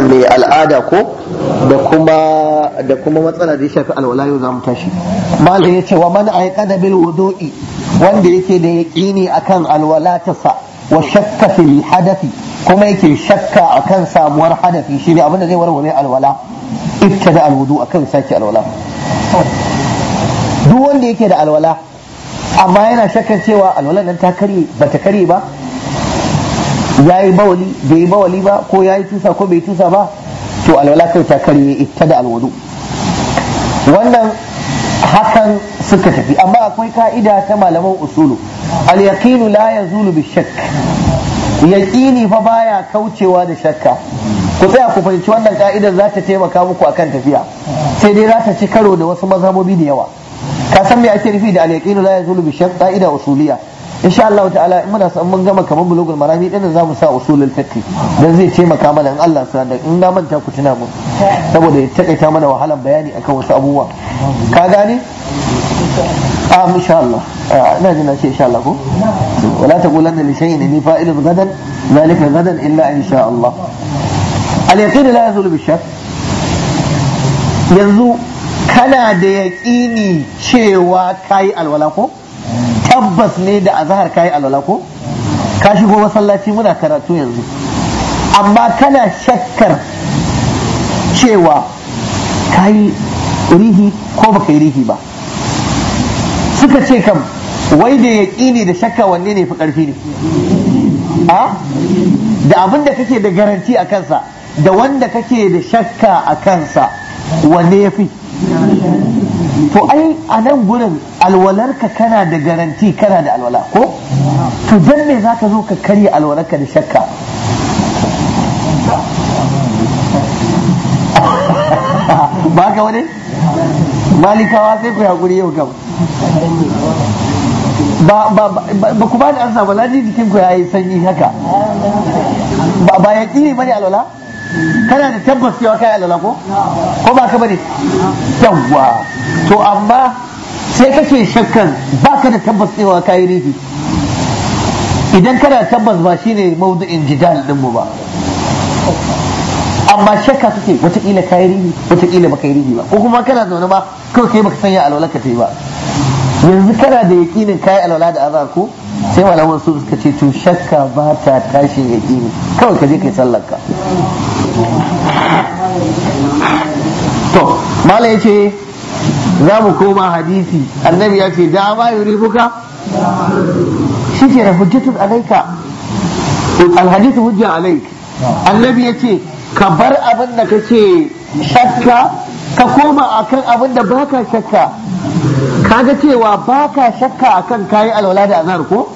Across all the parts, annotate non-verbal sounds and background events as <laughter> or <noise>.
matsalar mai al'ada ko da kuma da da ya shafi alwala yau za mu tashi malam ya ce wa man yi bil wudu'i wanda yake da yaqini akan alwala ta sa wa shakka fil hadathi kuma yake shakka akan samuwar hadafi shine abin da zai warware alwala ibtada alwudu akan sake alwala duk wanda yake da alwala amma yana shakkan cewa alwalar nan ta karye ta karye ba ya yi bawali bai yi bawali ba ko ya yi tusa ko bai tusa ba to alwala kai ta karye ita da alwudu wannan hakan suka tafi amma akwai ka'ida ta malaman usulu al yaqinu la yazulu bi shakk yaqini fa baya kaucewa da shakka ku tsaya ku fahimci wannan ka'idar za ta taimaka muku akan tafiya sai dai za ta ci karo da wasu mazhabobi da yawa ka san me ake nufi da al yaqinu la yazulu bi shakk ka'ida usuliya In sha Allah ta'ala in muna san mun gama kamar bulugul marami din za mu sa usulul fiqh dan zai taimaka mana in Allah sa da in na manta ku tuna mu saboda ya taƙaita mana wahalan bayani akan wasu abubuwa ka gane a ah, insha Allah ah, ina jin ce insha Allah ko wala taqulanna li shay'in ni fa'il gadan zalika gadan illa insha Allah al-yaqin la yazul bi-shak yanzu kana da yaqini cewa kai alwala ko tabbas ne da azahar kayi alwala ko ka shigo masallaci muna karatu yanzu amma kana shakkar cewa kayi rihi ko baka yi rihi ba suka ce kam wai da ne da shakka wanne ne fi ƙarfi ne a da abin da kake da garanti a kansa da wanda kake da shakka a kansa wanne ya fi to ai a nan gurin alwalarka kana da garanti kana da alwala ko to dan me zaka zo ka karya alwalarka da shakka <laughs> ba ka wani malikawa sai ku hakuri yau kam ba ba ku ba da ansa ba na jikin ku yayi sanyi haka ba ya kire bane alwala kana da tabbas cewa kai Allah ko ko ba ka bane yawa to amma sai kake shakkan ka da tabbas cewa kai rihi idan kana tabbas ba shine mawdu'in jidal din mu ba amma shakka kake wataƙila kayi rihi wataƙila ba yi rihi ba ko kuma kana zaune ba kawai kai baka sanya alwala ka yi ba yanzu kana da yaƙinin kai alwala da azar ko sai malaman su suka ce to shakka ba ta tashi yakini kawai ka je kai sallar ka to mala ya ce za mu koma hadisi annabi ya ce dama buka shi ke hujjatun alaika alhadisi hujja alaik annabi ya ce ka bar abin da ka ce shakka ka koma akan abin da baka shakka kaga cewa baka shakka akan kayi alwala da azhar ko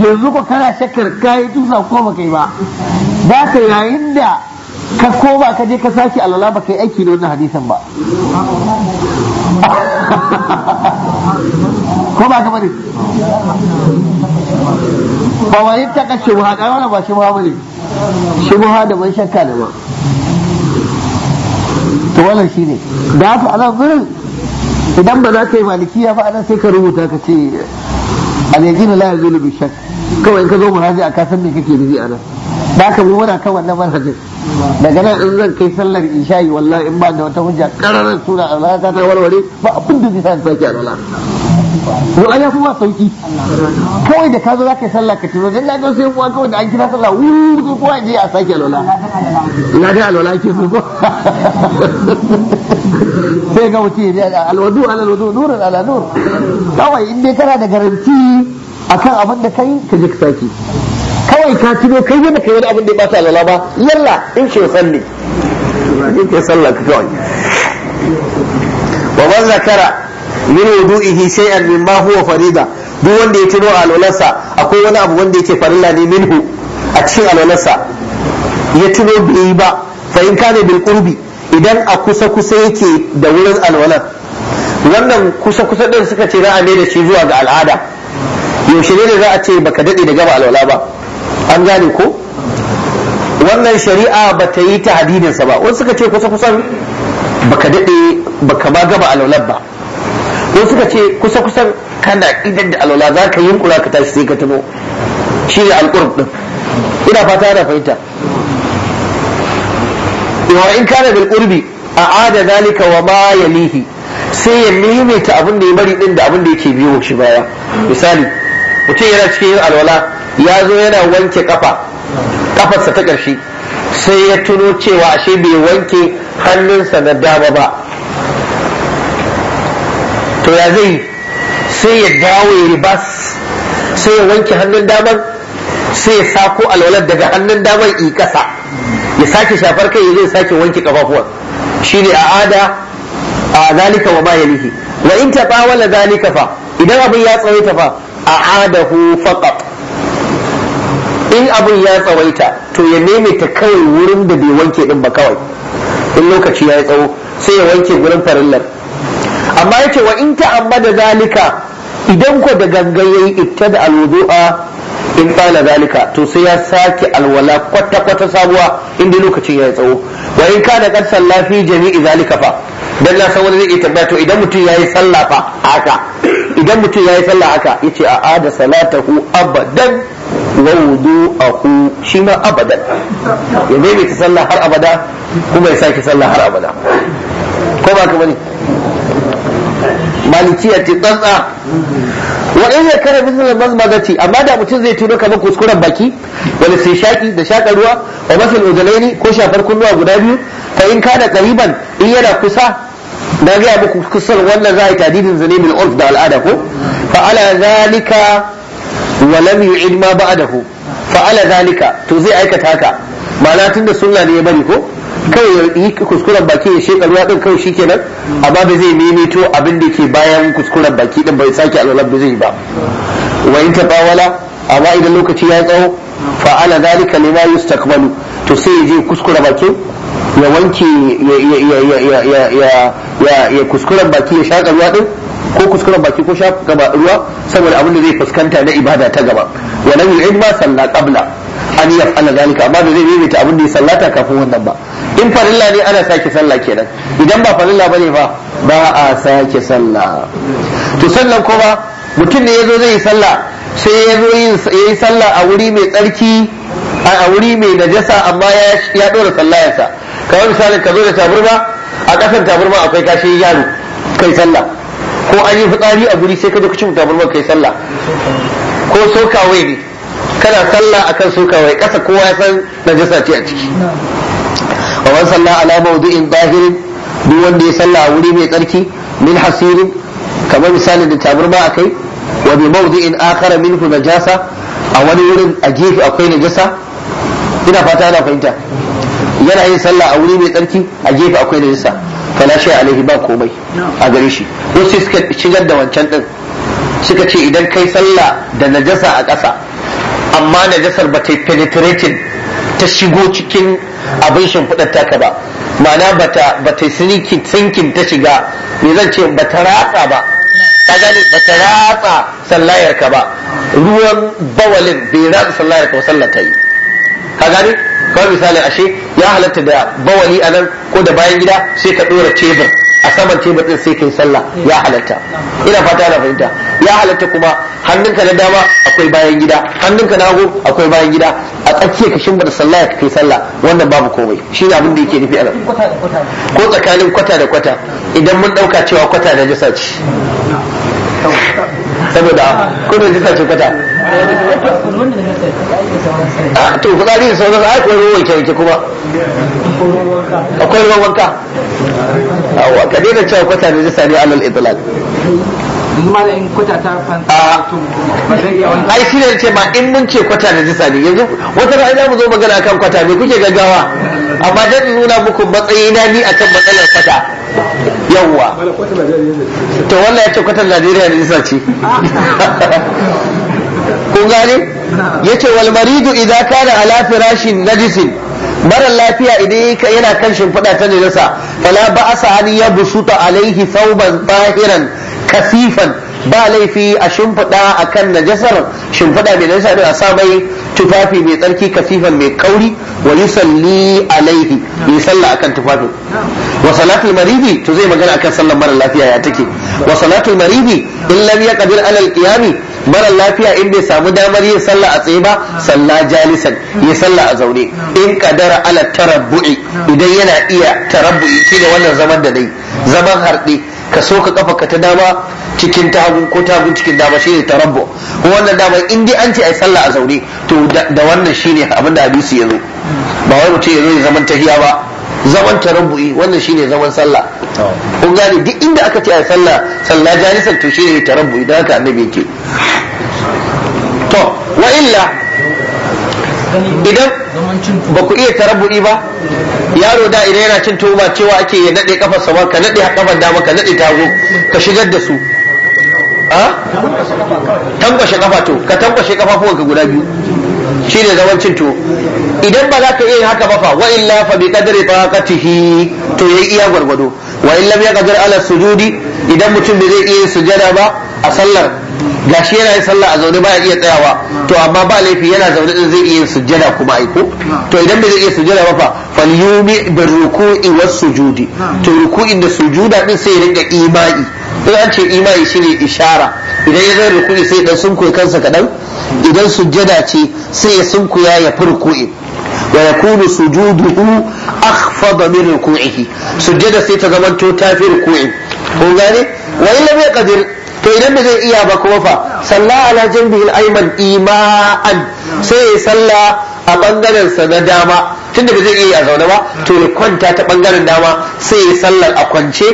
yanzu ko kana shakkar kayi tusa ko baka yi ba ka yayin da ka koma ka je ka sake alala ba kai aiki da wannan hadisan ba ko ba ka bari ba wa yin taka shubha dan wannan ba shubha bane shubha da ban shakka da ba to wannan shine da haka ana gurin idan ba za ka yi malikiya ba ana sai ka rubuta ka ce al-yaqinu la yazulu bi shakk kawai in ka zo muraji a kasan me kake nufi ana ba ka mu muna kan wannan manhajin daga nan in zan kai sallar isha'i wallahi in ba da wata hujja kararar sura alaka ta warware ba abin da zai sa sake alwala wala yafi kuma sauki kawai da ka zo zaka sallah ka tuno dan ga sai kuwa kawai da an kira sallah wuri ko kuwa je a sake lola ina da lola ke su ko sai ga wuce alwadu ala alwadu nur ala nur kawai in dai kana da garanti akan abin da kai ka je ka sake kawai ka tuno kai ne baka yi wani abin da ya bata alala ba yalla in shi salli in ke sallah ka kawai wa man zakara min wudu'ihi shay'an mimma huwa farida duk wanda ya tuno alalarsa akwai wani abu wanda yake farilla ne minhu a cikin alalarsa ya tuno bai ba fa in kana bil qurbi idan a kusa kusa yake da wurin alwalar wannan kusa kusa din suka ce za a da shi zuwa ga al'ada yaushe ne da za a ce baka dade da gaba alwala ba an gane ko wannan shari'a ba ta yi ta hadininsa ba wasu suka ce kusa kusan baka daɗe baka ma gaba alaular ba wasu suka ce kusa kusan kana idan da alaula za ka yi kura ka tashi sai ka tuno shi ne alƙurb ɗin ina fata yana fahimta wa in kana bil qurbi ada zalika wa ma yalihi sai ya ta abin da ya bari din da abin da yake biyo shi baya misali mutum yana cikin yin alwala ya zo yana wanke kafa kafarsa ta ƙarshe sai ya tuno cewa ashe bai wanke hannunsa na dama ba to ya zai sai ya dawo ya ribas sai ya wanke hannun damar, sai ya sako alwalar daga hannun damar i kasa ya sake shafar kai ya zai sake wanke kafafuwan ne a ada a zalika wa ma yalihi wa in taɓa wala zalika fa idan abin ya tsawaita fa a hu faqat in abin ya tsawaita to ya ta kawai wurin da bai wanke din ba kawai in lokaci ya yi tsawo sai ya wanke gurin farillar amma yace wa in da zalika idan ko da gangan yayi da alwudu'a in fa'ala zalika to sai ya sake alwala kwata kwata sabuwa inda lokacin ya yi tsawo wa in da kan sallah fi jami'i zalika fa dan na san wani zai tambaya to idan mutum yayi sallah fa haka idan mutum ya yi sallah haka yace a'a da salatahu abadan wa aku shi ma abadan ya daidaita sallah har abada kuma ya sake sallah har abada ko ba ka bane malikiya ce tsantsa wa in yakara misal mazmazati amma da mutum zai tuno kamar kuskuren baki wani sai shaki da shaka ruwa wa masal udalaini ko shafar kunnuwa guda biyu fa in kana qariban in yana kusa na gaya muku kusan wannan za a yi tadidin zane bil urf da al'ada ko fa ala zalika wa lam yu'id ma ba'dahu fa ala zalika to zai aikata haka mana tunda sunna ne ya bari ko kai ya yi kuskuren baki ya sheka ruwa din kawai shikenan amma ba zai mimito abin da ke bayan kuskuren baki din bai sake alwalar ba zai ba wa in amma idan lokaci ya tsawo fa ala zalika lima yustakmalu to sai ya je kuskura bakin ya wanke ya kuskuren baki ya shaka ruwa din ko kuskuren baki ko sha gaba ruwa saboda abin zai fuskanta na ibada ta gaba wa lam yu'id ma salla qabla an yaf'ala zalika amma da zai maimaita abin da ya sallata kafin wannan ba in farilla ne ana sake sallah kenan idan ba farilla bane ba ba a sake sallah to sannan kuma mutum ne yazo zai yi sallah sai yazo yayi sallah a wuri mai tsarki a wuri mai najasa amma ya dora sallayarsa kamar misalin ka zo da taburma a kasan taburma akwai kashi yaro kai sallah ko an yi fitsari a guri sai ka zo ka ci tabarmar kai sallah ko sokawai ne kana sallah akan sokawai ƙasa kowa ya san najasa ce a ciki wa man salla ala mawdu'in zahirin duk wanda ya sallah a wuri mai tsarki min hasirin kamar misalin da tabarma a akai wa bi mawdu'in akhara minhu najasa a wani wurin a gefe akwai najasa ina fata ana fahimta yana yin sallah a wuri mai tsarki a gefe akwai najasa fala shi alaihi ba komai a gare shi wasu suka shigar da wancan din suka ce idan kai sallah da najasa a ƙasa amma najasar ba ta yi penetrating ta shigo cikin abin shimfiɗar taka ba ma'ana ba ta yi sinkin ta shiga me zan ce ta ratsa ba ka gane ta ratsa sallayar ka ba ruwan bawalin bai ratsa sallayar ka ba sallar ta yi ka gane ba misali ashe ya halatta da bawali a nan ko da bayan gida sai ka ɗora tebur a saman tebur ɗin sai kai sallah ya halatta ina fata na fahimta ya halatta kuma hannunka na dama akwai bayan gida hannunka na hagu akwai bayan gida a tsakiyar ka shimba da sallah ya kai sallah wannan babu komai shi ne abin da yake nufi a nan ko tsakanin kwata da kwata idan mun ɗauka cewa kwata da jasa ce saboda kuma ji sace kata ah, to fitsari da sauran ai akwai ruwan wanke wanke kuma akwai ruwan wanka a kadai da cewa kwata da jisa ne alal itlaq yanzu ai shi ne ce ma in mun ce kwata da jisa ne yanzu wata ra'ayi za mu zo magana kan kwata me kuke gaggawa amma dan nuna muku matsayi na ni akan matsalar kwata yawwa to wannan ya ce kwatar Najeriya ne jisa ce <laughs> kun gane yace wal maridu idza kana ala firashin najisin mara lafiya idan yana kan shimfiɗa ta najasa fala ba'asa an yabsuta alaihi thawban tahiran kasifan ba laifi a shimfiɗa a kan najasar shimfiɗa mai najasa da a sa mai tufafi mai tsarki kasifan mai kauri wa yusalli alaihi Ya sallah akan tufafin wa salatul maridi to zai magana akan sallar mara lafiya ya take wa salatul maridi in lam yaqdir alal qiyami mara lafiya in bai samu damar yin sallah a tsaye ba sallah jalisan ya sallah a zaune in kadara ala tarabbu'i idan yana iya tarabbu'i shi wannan zaman da dai zaman harɗe ka so ka kafa ka ta dama cikin ta hagu ko ta hagu cikin dama shine tarabbu ko wannan dama in dai an ce ai sallah a zaune to da wannan shine abin da hadisi ya zo ba wai mutum ya zo ya zaman tahiya ba zaman tarabbu'i wannan shine zaman sallah kun gane duk inda aka ce a ai sallah sallah jalisan to shine tarabbu'i da haka annabi yake to wa illa idan ba ku iya tarabudi ba yaro da idan yana cin tuwo ba cewa ake ya nade kafar sama ka nade kafar dama ka nade tago ka shigar da su a tankwashe kafa to ka tankwashe kafafuwanka guda biyu shi ne zaman cin tuwo idan ba za ka iya haka ba fa wa illa fa bi qadri taqatihi to yayi iya gwargwado wa ya kadar ala sujudi idan mutum bai zai iya sujada ba a sallar gashi yana yin sallah a zaune baya iya tsayawa to amma ba laifi yana zaune din zai iya sujada sujjada kuma aiko. ko to idan bai zai iya sujjada ba fa fal yumi bi ruku'i was sujudi to ruku'in da sujuda din sai ya rinka imani in an ce imani shine ishara idan ya zai ruku'i sai dan sunkuya kansa kadan idan sujjada ce sai ya sunkuya ya fi ruku'i wa yakunu sujuduhu akhfad min ruku'ihi sujjada sai ta zamanto ta fi ruku'i kun gane wa illa to idan ba zai iya ba kuma fa salla ala jambi al-ayman ima'an sai ya salla a bangaren sa na dama tunda ba zai iya a zaune ba to ya kwanta ta bangaren dama sai ya sallar a kwance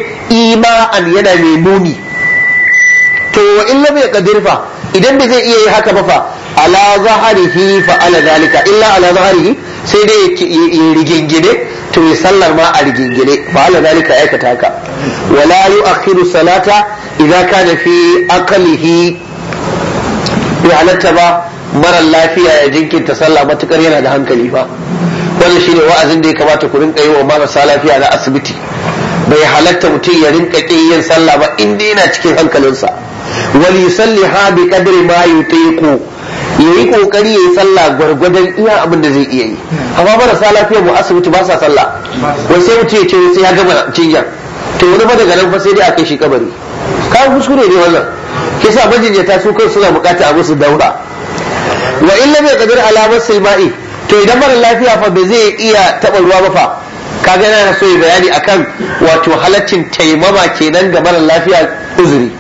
ima'an yana mai nuni to wa illa bai kadirfa idan ba zai iya yi haka ba fa ala zaharihi fa ala zalika illa ala zaharihi sai dai ya rigingine to ya sallar ma a rigingine fa ala zalika aikata haka wala يؤخر salata إذا kana fi أقله يعلت با ba marar lafiya ya تصلى sallah matukar yana da hankali fa wannan shine wa'azin da ya kamata ku rinka yi wa marasa lafiya na asibiti bai halatta mutum ya rinka ƙin yin sallah ba in dai yana cikin hankalinsa wal yusalli ha bi qadri ma yutiqu yayi kokari yayi sallah gwargwadon iya abin da zai iya yi amma marasa lafiya mu asibiti ba sa sallah wai sai ya ce sai ya gama jinya to wani ba daga nan fa sai dai a kai shi kabari ka kuskure ne wannan kisa majinyata su kai suna bukata a musu daura wa illa bai kadir alamar silma'i to idan mara lafiya fa ba zai iya taba ruwa ba fa kaga yana so yi bayani akan wato halaccin taimama kenan ga mara lafiya uzuri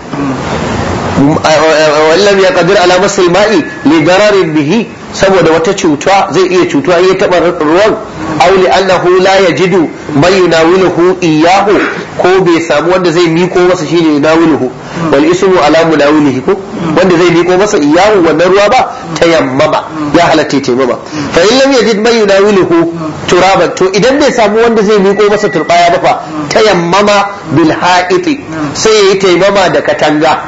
Wa illa bai kadir alamar silma'i li dararin bihi saboda wata cutuwa zai iya cutuwa ya taba ruwan auli annahu la yajidu man yunawiluhu iyahu ko bai samu wanda zai miko masa shine yunawiluhu wal ismu ala munawilihi ko wanda zai miko masa iyahu wannan ruwa ba tayammama ya halatta tayammama fa in lam yajid man yunawiluhu turaba to idan bai samu wanda zai miko masa turbaya ba fa tayammama bil ha'iti sai ya yi tayammama da katanga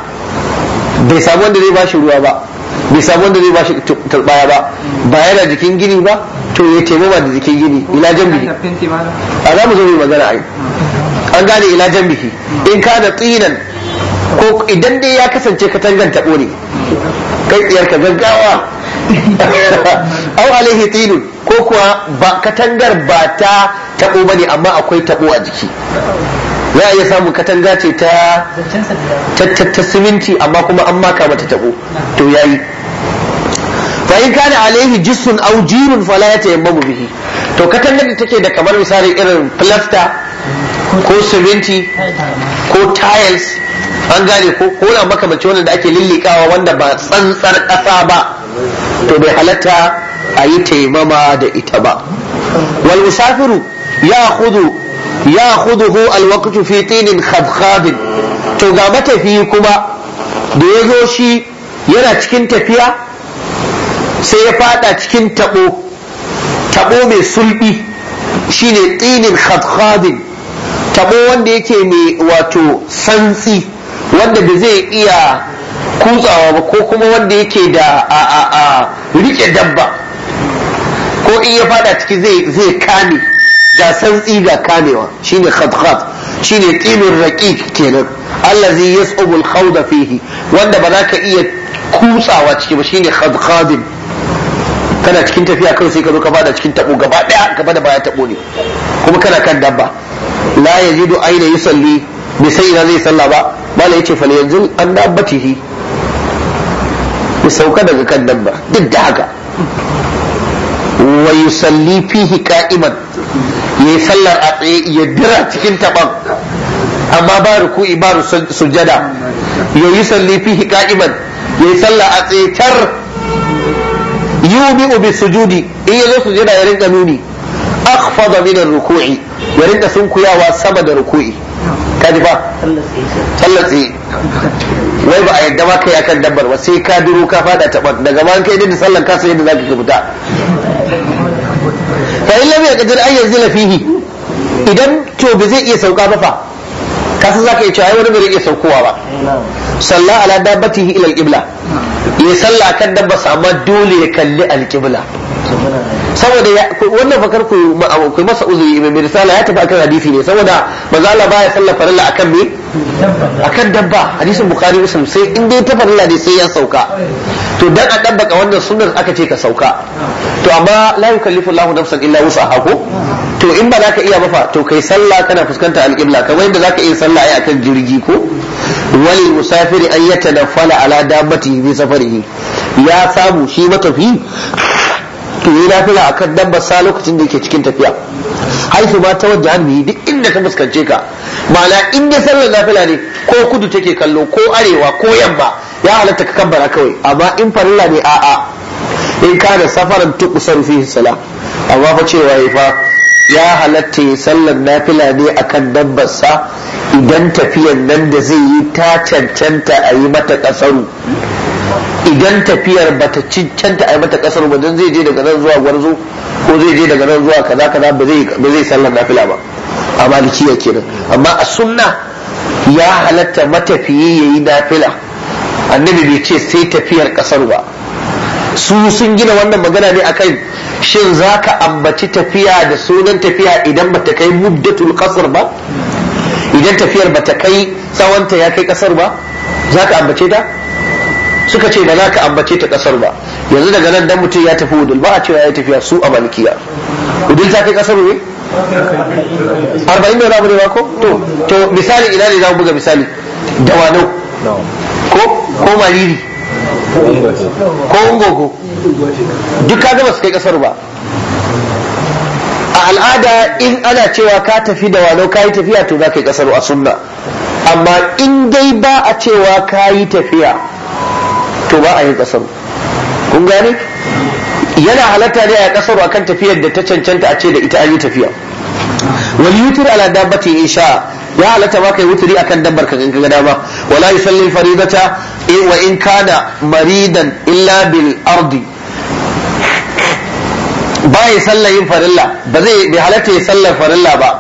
bai samu wanda zai bashi ruwa ba bai sabon wanda zai ba shi tarbaya ba ba yana jikin gini ba to ya ba da jikin gini ila biki. a za mu zo mai magana ai an gane ila biki. in ka da tsinan ko idan dai ya kasance katangan taɓo ne kai tsiyar ka gaggawa <laughs> au alaihi tsinu ko kuwa ba katangar ba ta taɓo ba ne amma akwai taɓo a jiki za a iya samun katanga ce ta ta siminti amma kuma an maka mata tabo to yayi fa in kana alaihi jissun aw jirun fala yatayammamu bihi to katangar da take da kamar misali irin plasta ko siminti ko tiles an gane ko ko maka mace wanda ake lillikawa wanda ba tsantsar ƙasa ba to bai halatta a yi taimama da ita ba wal musafiru ya khudu ya khuduhu alwaqtu fi tinin khadkhadin to ga matafiyi kuma da ya zo shi yana cikin tafiya sai ya fada cikin tabo tabo mai sulbi shine tsinin khadkhadin tabo wanda yake mai wato santsi wanda da zai iya kutsawa ba ko kuma wanda yake da a a a rike dabba ko in ya fada ciki zai kame ga santsi ga kamewa shine khadkhad shine tilur raqiq kenan allazi yas'ubul khawda fihi wanda ba za ka iya kutsawa ciki ba shine khadkhadin kana cikin tafiya kan sai ka zo ka bada cikin tabo gaba daya gaba da baya tabo ne kuma kana kan dabba la yajidu aina yusalli bi sai ina zai salla ba bala yace fa yanzu an dabbatihi ku sauka daga kan dabba duk da haka wa yusalli fihi qa'iman ya yi sallar a tsaye ya dira cikin taɓan amma ba ruku'i ba sujada ya yi salli fihi ka'iman ya yi sallar a tsaye tar yi ubi sujudi in ya zo sujada ya rinka nuni akhfada minar ruku'i ya rinka sunkuyawa sama da ruku'i kaji fa sallar tsaye wai ba a yadda ba kai akan dabbar ba sai ka duru ka fada taɓar, daga ban kai da sallar ka sai yadda ka fita fa in lam yaqdir an yanzila fihi idan to ba zai iya sauka ba fa kasa za ka iya cewa wani bai iya saukowa ba salla ala dabbatihi ila alqibla ya salla kan dabba sama dole ya kalli alqibla saboda wannan fakar ku ku masa uzuri mai risala ya tafi akan hadisi ne saboda manzo Allah baya sallar farilla akan me akan dabba hadisin bukhari muslim sai in dai ta farilla ne sai ya sauka to dan a dabbaka wannan sunnar aka ce ka sauka to amma la yukallifu Allahu nafsan illa wus'aha ko to in ba za ka iya ba fa to kai sallah kana fuskanta alƙibla kamar yadda za ka iya sallah ai akan jirgi ko wal musafiri an fala ala dabbati bi safarihi ya samu shi matafi to yi lafiya akan dabba sa lokacin da yake cikin tafiya haifu ba ta wajen hannu duk inda ta fuskance ka ma'ana inda sallar lafiya ne ko kudu take kallo ko arewa ko yamma ya halatta ka kabbara kawai amma in farilla ne a'a in ka da safarin tukusar fi salam amma fa cewa ya fa ya halatta ya sallar nafila ne akan dabbarsa idan tafiyan nan da zai yi ta cancanta a yi mata kasaru idan tafiyar ba ta cancanta a yi mata kasaru ba dan zai je daga nan zuwa gwarzo ko zai je daga nan zuwa kaza kaza ba zai sallar nafila ba a ya kenan amma a sunna ya halatta matafiyi ya yi nafila annabi bai ce sai tafiyar kasar ba su sun gina wannan magana ne akan shin za ka ambaci tafiya da sunan tafiya idan ba ta kai muddatul kasar ba idan tafiyar ba ta kai tsawonta ya kai kasar ba za ka ambace ta suka ce ba za ka ambace ta kasar ba yanzu daga nan dan mutum ya tafi udul ba a cewa ya tafiya su a malikiya udul ta kai kasar ne arba'in da za mu ne ba ko to misali ina ne za mu buga misali Dawano. ko mariri ko ungogo duk kaga ba su kai kasar ba a al'ada in ana cewa ka tafi da walau ka yi tafiya to za ka yi kasar a sunna amma in dai ba a cewa ka yi tafiya to ba a yi kasar kun gane yana halatta ne a kasar akan tafiyar da ta cancanta a ce da ita an yi tafiya wani yutur ala dabbati insha ya halatta ma kai wuturi akan dabbar ka ganka gada ba wala yusalli faridata in wa in kana maridan illa bil ardi ba ya sallar yin farilla ba zai bai halatta ya sallar farilla ba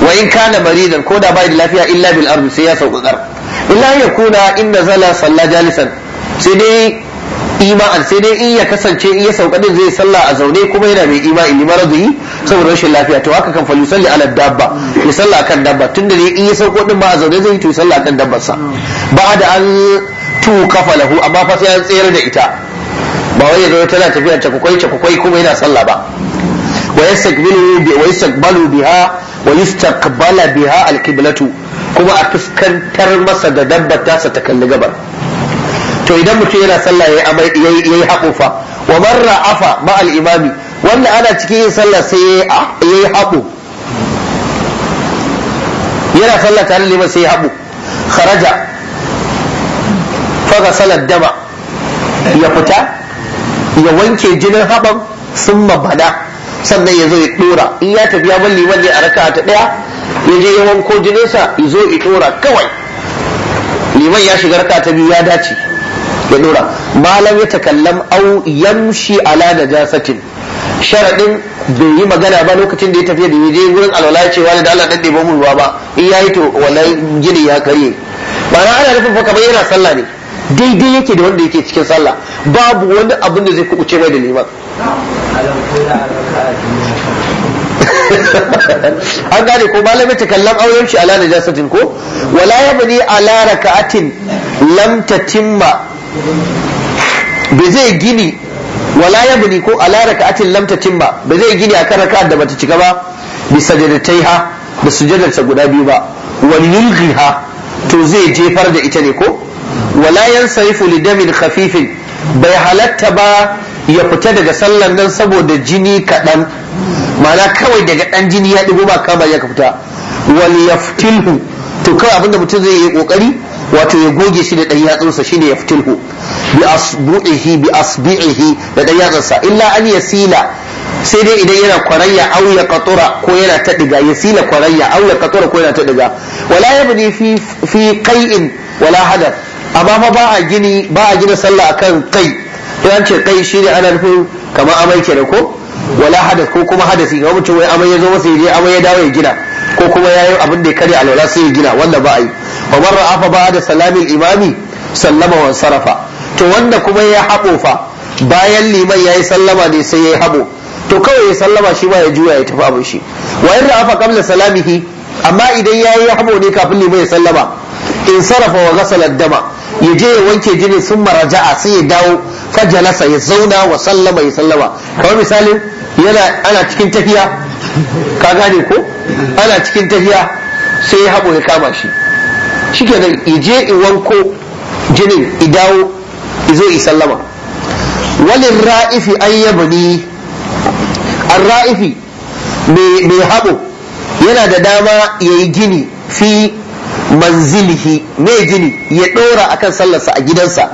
wa in kana maridan ko da bai da lafiya illa bil ardi sai ya sauƙaƙar illa ya kuna in nazala salla jalisan sai dai imanin sai dai in ya kasance in ya sauka din zai sallah a zaune kuma yana mai imani ne yi saboda rashin lafiya to haka kan falu salli ala dabba ya sallah akan dabba tunda ne in ya sauko din ba a zaune zai to sallah akan dabbar sa ba da an tu kafa lahu amma fa sai an tsayar da ita ba wai yazo tana tafiya ta kukwai ta kukwai kuma yana sallah ba wa yastaqbilu bi wa yastaqbalu biha wa yastaqbala biha alqiblatu kuma a fuskantar masa da dabbar tasa ta kalli gabar to idan mutum yana sallah ya yi haɓo fa wa marra afa ma'al imami wanda ana cikin yin sallah sai ya yi haɓo yana sallah tare da sai ya haɓo kharaja faga salat dama ya fita ya wanke jinin haɓan sun mabana sannan ya zo ya ɗora in ya tafi ya bar liman ne a raka ta ɗaya ya je ya wanko jininsa ya zo ya ɗora kawai liman ya shiga raka ta biyu ya dace ya dora malam ya takallam au yamshi ala najasatin sharadin bai yi magana ba lokacin da ya tafi da yaje gurin alwala wani da Allah dan ba mu ruwa ba in yayi to wallahi gini ya kare ba na ana nufin fa kamar yana sallah ne daidai yake da wanda yake cikin sallah babu wani abin da zai kubuce mai da liman <laughs> an gane ko malam ya takallam auren shi ala najasatin ko wala yabni ala raka'atin lam tatimma Be zai gini wala ya buni ko ala raka'atin lam timba Be zai gini akan raka da bata cika ba bi ha, da sujadarsa guda biyu ba wal yulghiha to zai jefar da ita ne ko wala yansarifu li damin khafifin bai halatta ba ya fita daga sallan nan saboda jini kaɗan ma'ana kawai daga ɗan jini ya ɗigo ba kama ya ka fita wal yaftilhu to kawai abinda mutum zai yi ƙoƙari? wato ya goge shi da ɗan yatsunsa shine ya fitilhu bi asbu'ihi bi asbi'ihi da ɗan yatsunsa illa an yasila sai dai idan yana kwaraya au ya katura ko yana ta diga yasila kwaraya au ya katura ko yana ta diga wala yabni fi fi qai'in wala hadath amma fa ba a gini ba a gina sallah akan kai idan ce kai shine ana nufin kamar amai kenan ko wala hadas ko kuma hadasi ga mutum wai amai ya zo masa ya je amai ya dawo ya gina ko kuma ya yi abin da ya karya alwala sai ya gina wanda ba a yi Kamar man ra'afa ba'da salamin imami sallama wa sarrafa. to wanda kuma ya haɓofa fa bayan liman yi sallama ne sai ya yi habo to kawai ya sallama shi ba ya juya ya tafi abin shi wa in ra'afa salamihi amma idan yayi habo ne kafin liman ya sallama in sarrafa wa ghasala dama ya je ya wanke jini sun maraja'a sai ya dawo fajalasa ya zauna wa sallama ya sallama kamar misalin yana ana cikin tafiya ka gane ko ana cikin tafiya sai ya haɓo ya kama shi shikenan ije in wanko jinin idawo izo yi sallama walin ra'ifi an yabani. an ra'ifi mai haɓo yana da dama ya yi gini fi manzilihi mai gini ya ɗora akan sallarsa a gidansa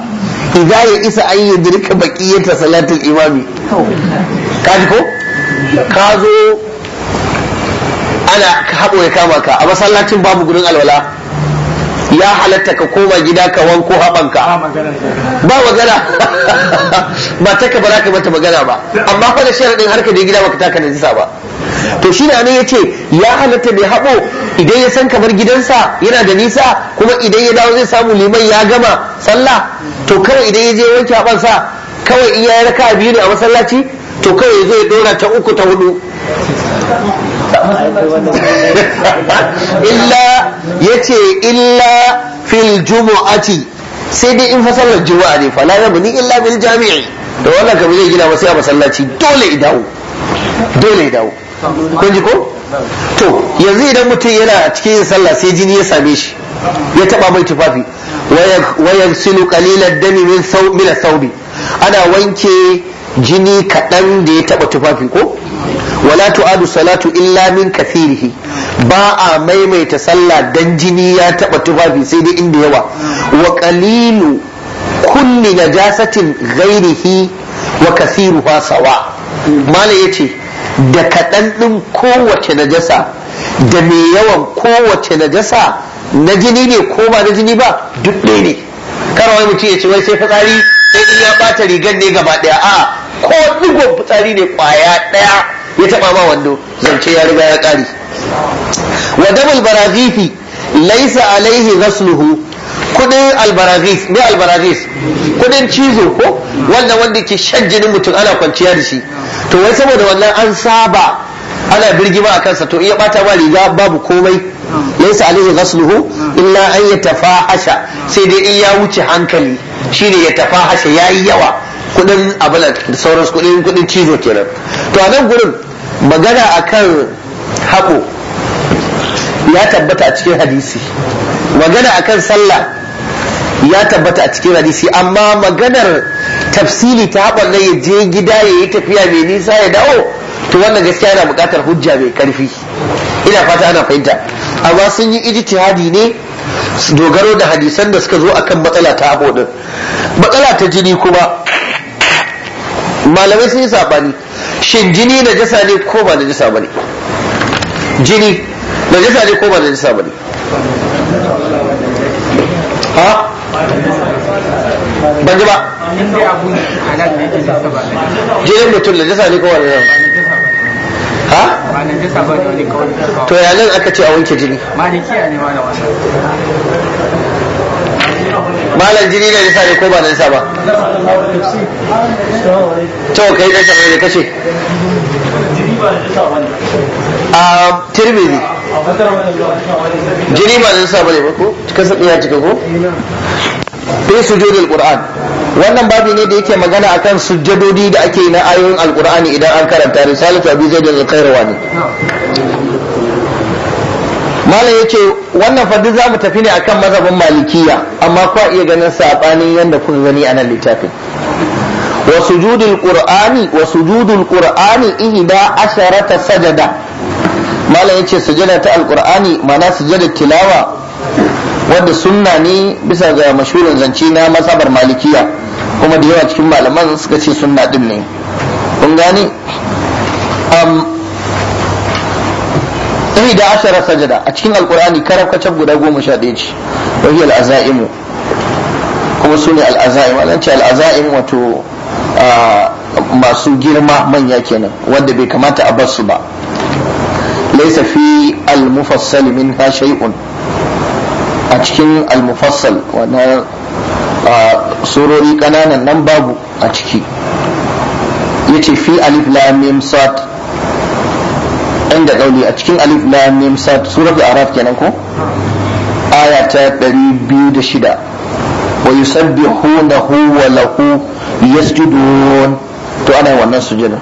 idan ya isa an yi dirka baƙiyyata salatul imami ka ji ko ka zo ana haɓo ya kama ka a masallacin babu gudun alwala ya halatta ka koma gida ka wanko haɓanka ba magana ba ta ka baraka mata magana ba amma fa da sharaɗin harka da gida baka taka najisa ba to shi ne ya ce ya halatta mai haɓo idan ya san kamar gidansa yana da nisa kuma idan ya dawo zai samu liman ya gama sallah to kawai idan ya je wanke haɓansa kawai in ya raka biyu ne a masallaci to kawai ya zo ya dora ta uku ta hudu illa ya ce illa fil jumu'ati sai dai in fa sallar juma'a ne fa bani ni illa bil jami'i da wannan ka zai gina wasu sai masallaci dole idawo dole idawo kun ji ko to yanzu idan mutum yana cikin sallah sai jini ya same shi ya taba mai tufafi wayan silu kalilan dami min sauri, ana wanke jini kaɗan da ya taba tufafi ko wala adu salatu illa min kathirihi ba a maimaita sallah dan jini ya taba tufafi sai dai inda yawa wa qalilu kulli najasatin ghairihi wa kathiruha sawa mala yace da kaɗan ɗin kowace najasa da mai yawan kowace najasa na jini ne ko ba na jini ba duk ɗaya ne kar mutum ya ce wai sai fitsari sai ya bata rigar ne gaba ɗaya a ko digon fitsari ne kwaya daya ya taba ma wando zance ya riga ya kare wa damul barazifi laisa alaihi ghasluhu kudin albarazis ne albarazis kudin cizo ko wanda wanda ke shan jinin mutum ana kwanciya da shi to wai saboda wannan an saba ana birgima a kansa to iya bata ba riga babu komai laisa alaihi ghasluhu illa an yatafahasha sai dai in ya wuce hankali shine ya tafahasha yayi yawa kudin abinan da sauran kudin kudin cizo kenan to a nan gurin magana akan haƙo ya tabbata a cikin hadisi magana akan sallah ya tabbata a cikin hadisi amma maganar tafsili ta haɓar na ya je gida ya yi tafiya mai nisa ya dawo to wannan gaskiya yana buƙatar hujja mai karfi ina fata ana fahimta amma sun yi ijtihadi ne dogaro da hadisan da suka zo akan matsala ta haɓo din matsala ta jini kuma malamai sun yi sabani shin jini na jasa ne ko ba na jasa ba ne jini na jasa ne ko ba na jasa ba ne ha ban ji ba jinin mutum na jasa ne ko ba na jasa ba ha to ya aka ce a wanke jini malikiya ne ma da wasa malam jini ne nisa ne ko ba nisa ba to kai yi sabon ne kace a tirmidhi jini ba nisa ba ne ba ko kasa ya cika ko jo sujudul qur'an wannan babi ne da yake magana akan sujjadodi da ake yi na ayoyin alqur'ani idan an karanta risalatu abi zaid al-qayrawani malam ya ce wannan fadin za mu tafi ne akan mazhabin malikiya amma kwa iya ganin saɓanin yadda kuka gani a nan littafin wa sujudul qur'ani wa sujudul qur'ani ihda asharata sajada malam ya ce sujada ta alqur'ani ma'ana sujada tilawa wanda sunna ne bisa ga mashhurin zance na mazabar malikiya kuma da yawa cikin malaman suka ce sunna din ne ihda ashara sajada a cikin alqur'ani karafkacin guda goma sha ɗaya ce wa al'azaimu kuma su ne al'azaimu wannan ce al'azaimu wato masu girma manya kenan wanda bai kamata a bar su ba laysa fi al-mufassal ha shay'un a cikin al-mufassal wannan surori kananan nan babu a ciki yace fi alif lam mim sad inda kauli a cikin alif lam mim sad suratul araf kenan ko aya ta 206 wa yusabbihunahu wa lahu yasjudun to ana wannan sujada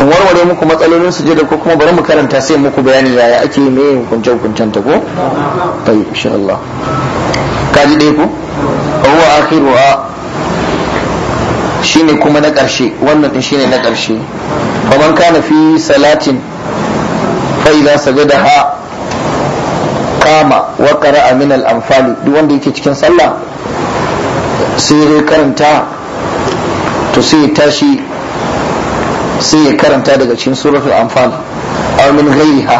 warware muku matsalolin sujada ko kuma bari mu karanta sai muku bayani yaya ake me hukunce hukuncen ta ko tayi insha Allah kaji dai ko huwa akhiru shine kuma na karshe wannan din shine na karshe faman kana fi salatin fa'iza sajadaha kama wa qara'a min al duk wanda yake cikin sallah sai ya karanta to sai ya tashi sai ya karanta daga cikin suratul anfal aw min ghayriha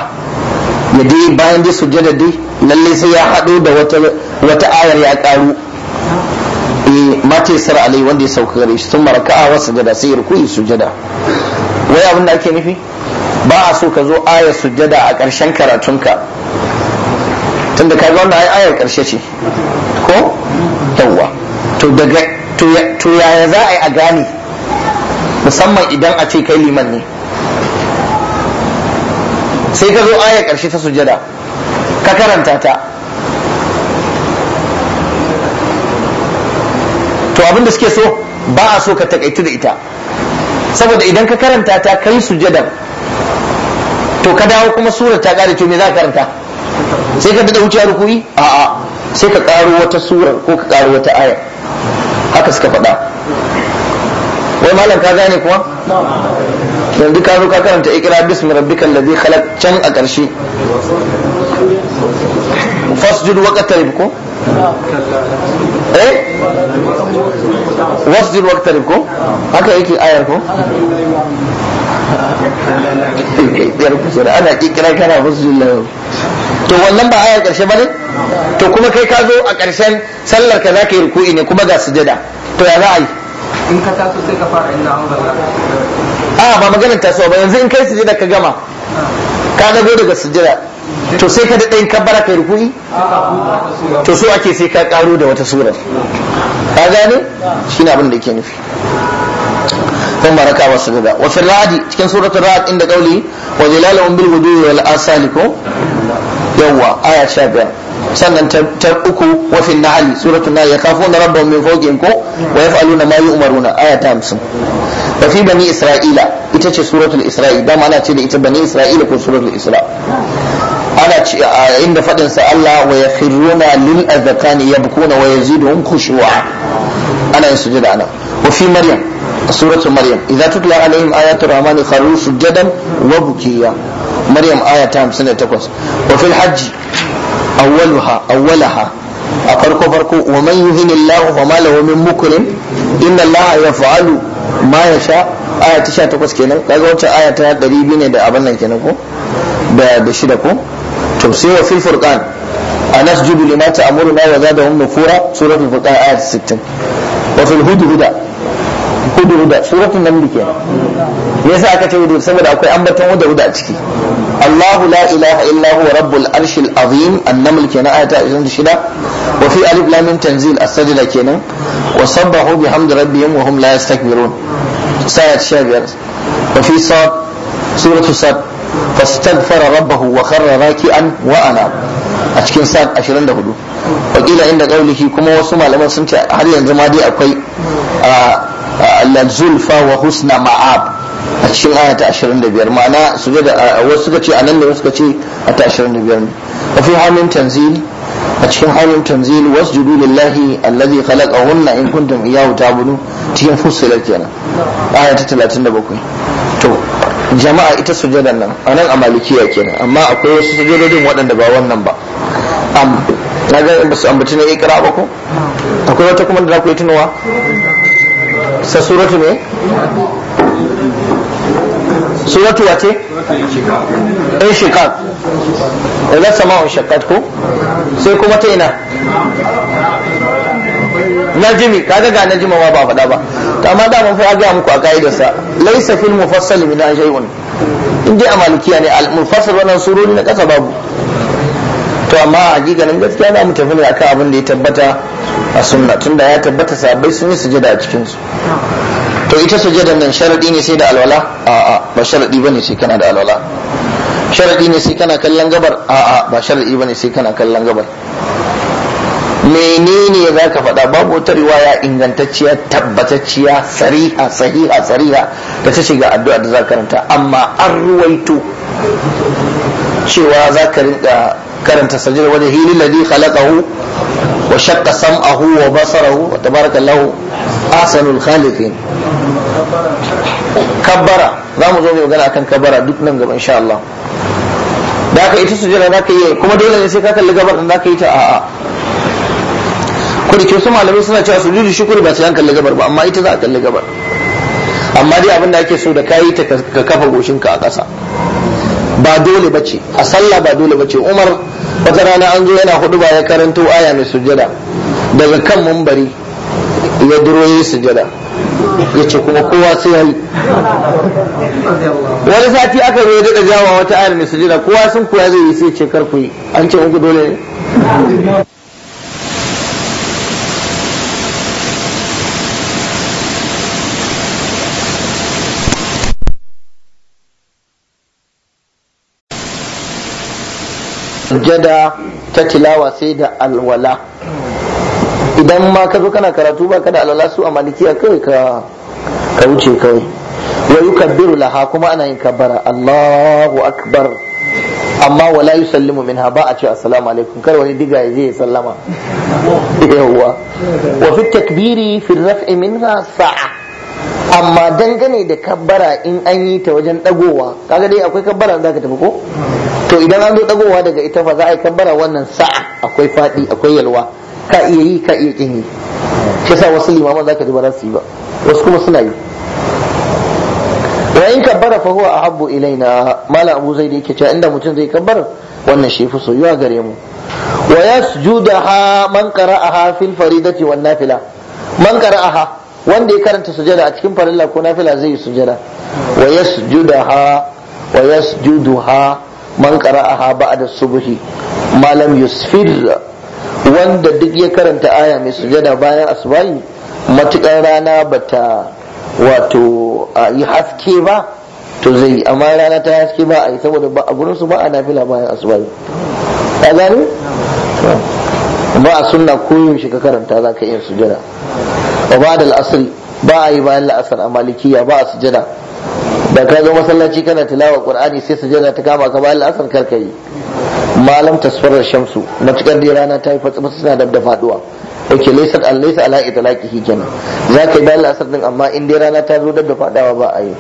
ya dai bayan dai sujjada dai lalle sai ya hado da wata ayar ya karu eh mata yasar alai wanda ya sauka gare shi sun maraka'a wasu jada sai ya rukuyi sujjada wai abin da ake nufi ba a so ka zo ayar sujjada a ƙarshen karatunka tunda da ga wanda ayar ƙarshe ce ko yawwa to daga to yaya za a yi a gane musamman idan a ce kai liman ne sai ka zo ayar ƙarshe ta sujjada ka karanta ta to abin da suke so ba a so ka takaitu da ita saboda idan ka karanta ta kai sujada to ka dawo kuma sura ta kare to me za ka karanta sai ka dada wuce rukuyi a'a sai ka karo wata sura ko ka karo wata aya haka suka faɗa wai malam ka gane kuwa yanzu ka zo ka karanta ikra bismi rabbikal ladzi khalaq can a ƙarshe fasjud waqtarib ko eh wasjud waqtarib ko haka yake ayar ko ana kikira kana Wasu lahu to wannan ba ayar karshe bane to kuma kai ka zo a karshen sallar ka zaka yi ruku'i ne kuma ga sujada to ya za a yi in ka taso sai ka fara inna a ba maganar taso ba yanzu in kai sujada ka gama ka dago daga sujada to sai ka daɗa yin kabbara kai ruku'i to so ake sai ka ƙaru da wata surar ka gane shine abin da yake nufi ثم ركع وسجد وفي الرعد cikin suratul ra'd inda qawli wa zilalahum bil ghudwi wal ko yawa aya 15 sannan ta uku wa fi an-nahl suratul nahl yakafuna rabbahum min fawqihim ko wa yaf'aluna ma yu'maruna aya ta 50 wa fi bani isra'ila ita ce suratul isra'il ba ma'ana ce da ita bani isra'ila ko suratul isra' ana ce a inda faɗin sa Allah wa khiruna lil azqani yabkuna wa yaziduhum khushu'a ana yin sujada ana wa fi maryam suratul maryam idza tutla alaihim ayatu rahmani kharu sujadan wa bukiya maryam aya ta 58 wa fil hajj awwalaha awwalaha a farko farko wa man yuhinillahu wa ma lahu min mukrim inna allaha yaf'alu ma yasha aya ta 18 kenan kaga wacce aya ta 200 ne da abin nan kenan ko da da shida ko to sai wa fil furqan anasjudu lima ta'muruna wa zadahum nufura suratul furqan ayat 60 wa fil hudhuda hudhuda suratul naml kenan me yasa aka ce hudhuda saboda akwai ambaton hudhuda a ciki الله لا إله إلا هو رب العرش العظيم النمل كنا آية 26 وفي ألف لام تنزيل السجدة كنا وسبحوا بحمد ربهم وهم لا يستكبرون ساية شابير وفي صاد سورة صاد فاستغفر ربه وخر راكئا وانا wa ana cikin sa 24 wakila inda qaulihi kuma wasu malaman sun ce har yanzu ma dai akwai al-zulfa wa husna ma'ab a cikin ayata 25 ma'ana su ga wasu suka ce anan da wasu suka ce a ta 25 wa fi halin tanzil a cikin halin tanzil wasjudu lillahi allazi khalaqahunna in kuntum iyahu ta'budun cikin fusilar kenan ayata 37 to jama'a ita sujadan nan a nan a malikiya kenan amma akwai wasu sujadodin waɗanda ba wannan ba na ga ba su ambaci na ikra ba ko akwai wata kuma da za ku yi tunawa sa suratu ne suratu wace in shiqaq ila sama'un shaqqat ko sai kuma ta ina najimi kaga ga najma ma ba faɗa ba amma da mun fa ga muku a kaidar sa laysa fil mufassal min shay'un in dai a malikiya ne al mufassal wannan surori na kasa babu to amma ganin gaskiya na mu tafi ne akan abin da ya tabbata a sunna tunda ya tabbata sabai sun yi sujada a cikin su to ita sujadan nan sharadi ne sai da alwala a'a ba sharadi bane sai kana da alwala sharadi ne sai kana kallon gabar a'a ba sharadi bane sai kana kallon gabar menene za ka faɗa babu wata riwaya ingantacciya tabbatacciya sariha sahiha sariha da ta shiga addu'a da za karanta amma an ruwaito cewa za ka rinka karanta sajada wajen hilin ladi khalaqahu wa shakka sam'ahu wa basarahu wa tabarakallahu asanul khalifin. kabbara za mu zo mai magana akan kabbara duk nan gaba insha Allah da aka ita sujada za ka yi kuma dole ne sai ka kalli gabar da za ka yi ta a'a ko da ke su malamai suna cewa su sujudu shukuri ba su yan kalli gabar ba amma ita za a kalli gabar amma dai abin da ake so da kayi ta ka kafa goshinka a ƙasa ba dole ba ce a sallah ba dole ba ce umar wata rana an zo yana hudu ba ya karanto aya mai sujada daga kan mumbari ya duro ya sujada ya ce kuma kowa sai ya yi wani sati aka zo ya daɗa jawa wata aya mai sujada kowa sun kuwa zai yi sai ce kar ku yi an ce muku dole ne sujjada ta tilawa sai da alwala idan ma ka zo kana karatu ba ka da alwala su a malikiya kawai ka ka wuce kawai wa yukabbiru laha kuma ana yin kabbara Allahu akbar amma wala yusallimu minha ba a ce assalamu alaikum kar wani diga ya je ya sallama <laughs> yawwa wa fi takbiri fi raf'i minha sa'a amma dangane da kabbara in an yi ta wajen dagowa kaga dai akwai kabbara za ka tafi ko to idan an zo dagowa daga ita fa za a yi kabbara wannan sa'a akwai fadi akwai yalwa ka iya yi ka iya kin yi shi yasa wasu limaman za ka ji ba za su yi ba wasu kuma suna yi wa in kabbara fa huwa ahabbu ilaina mala abu zai da yake cewa inda mutum zai kabbara wannan shi fi soyuwa gare mu wa yasjudaha man qara'aha fil faridati wan nafila man qara'aha wanda ya karanta sujada a cikin farilla ko nafila zai yi sujada wa yasjudaha wa yasjuduha man qara'aha ba'da subhi malam yusfir wanda duk ya karanta aya mai sujada bayan asbahi matukar rana bata wato yi haske ba to zai amma rana ta haske ba a saboda ba a gurin su ba a nafila bayan asbahi ka gani ba a sunna koyaushe ka karanta za ka sujada wa ba da al'asir ba a yi bayan la'asar a malikiya ba a sujada da ka zo masallaci kana tilawa qur'ani sai su sujada ta kama ka bayan la'asar kar yi malam tasfarar shamsu matukar dai rana ta yi masu suna dab da faduwa yake laysat an laysa ala itlaqihi kenan zaka yi bayan la'asar din amma in dai rana ta zo dab da fadawa ba a yi